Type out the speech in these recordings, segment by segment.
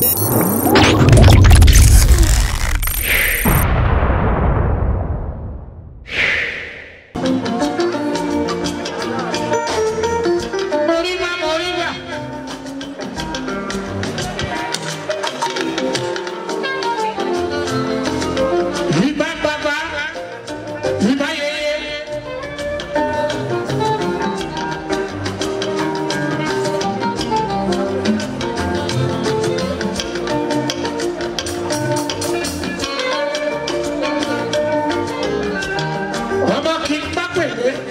Thank you.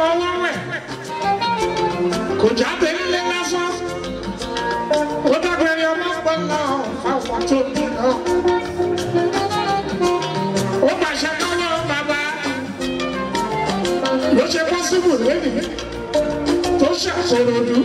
ọwọ́ wẹ̀ kò jáde nílé lásán ó dágbére ọmọ pẹ́ náà fáwọn tó ní náà. ó pàṣẹ káwọn bàbá ló ṣe pọ́sibù lónìí tó ṣàṣọ̀rọ̀ dùn.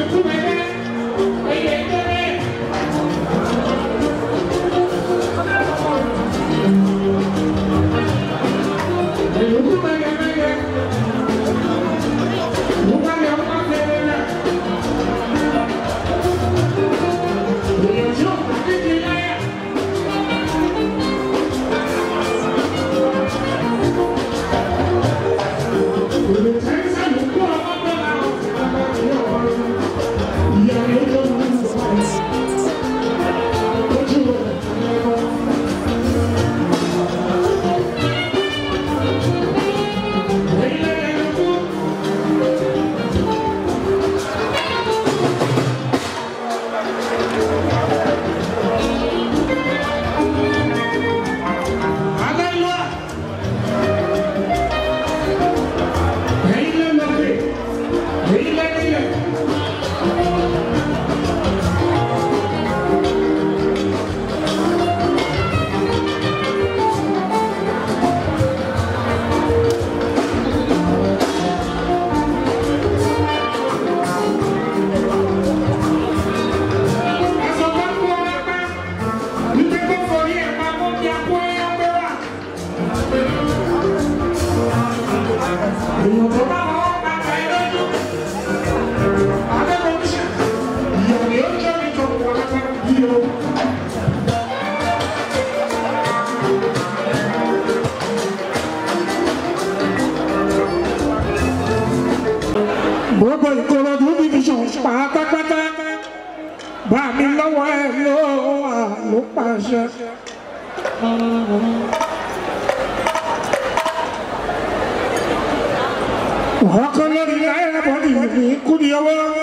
وقال العبد في كل يوم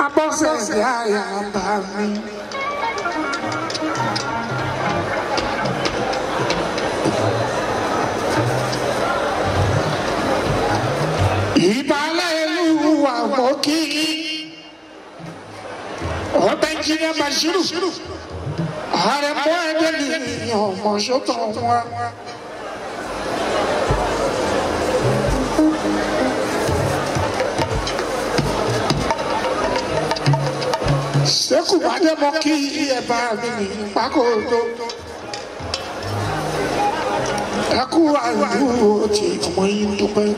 أبصر يا يا ìbálẹ̀ ìlú àwọn kí ọbẹ̀ jíjẹ Bashiru ààrẹ mọ́ ẹgbẹ́ nìyẹn ọmọ sọ́tọ̀ wọn. sẹ́kù bá dé mọ kí ẹ̀bà mi ní pákó tó. ẹ kú àlùkò tí ọmọ yín dúpẹ́.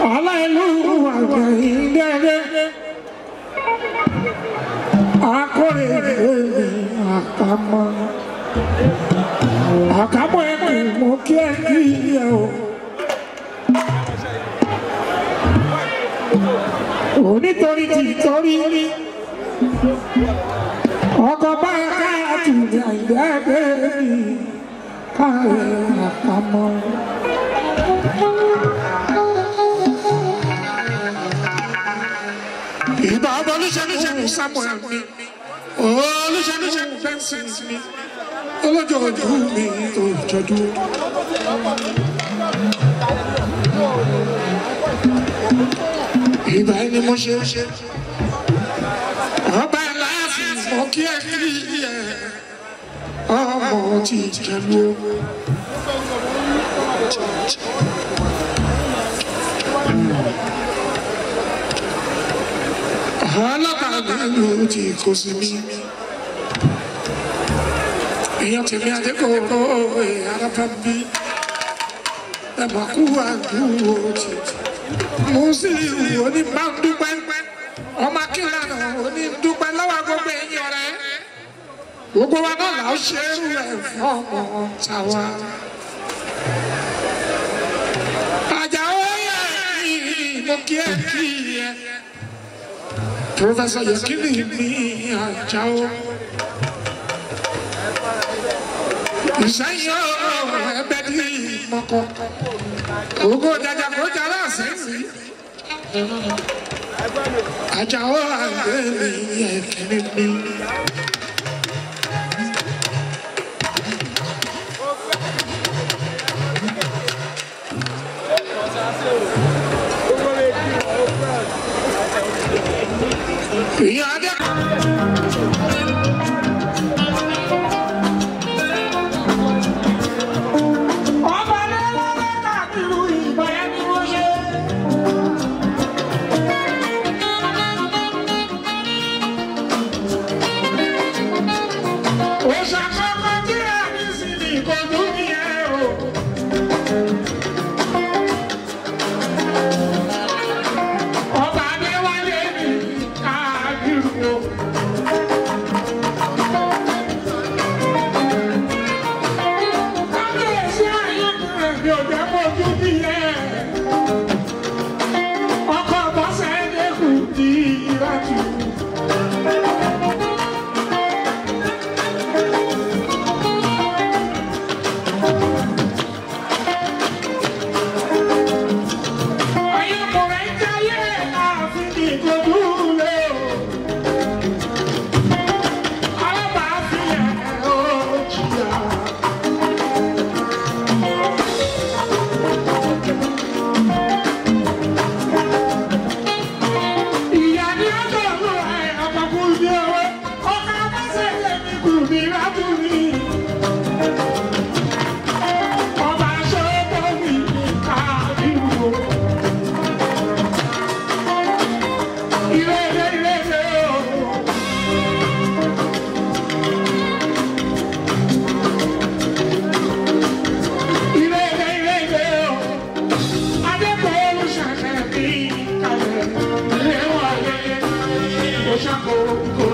Hallelujah, Hallelujah. Akore ele akama. Akama ẹ mo kí ẹ kí ẹ o. Onítorí ti torí. Ọkọ̀ bá ká àtúnyà ìdẹ́gbẹ́ mi. olùṣèlú samuel mi olùṣèlú benson mi olójoojú mi òjòjú. ìgbà yìí ni mo ṣe ṣe ọba ẹ̀ láàfin mọ́ kí ẹ kiri ẹ̀ ọmọ ti jẹnu owó. Thank you alábàánu ti kò sí mi. èèyàn tèmi adékòrò arábà mi ẹ̀mọ̀ kú àdúró ti mú sí òní máa ń dúpẹ́ gbogbo wa náà là ṣe é rú ẹ̀ fún ọmọ tàwa. Professor Yakini mi Ajao. Ìṣẹ́yọ́ ẹgbẹ́ ní ìmọ̀kọ. Ògo dàda kò dára sẹ́yìn. Ajao àgbẹ̀ mi ẹ̀kẹ́ mi. Piada! Hoje a cama de aves e de condomínio chegou,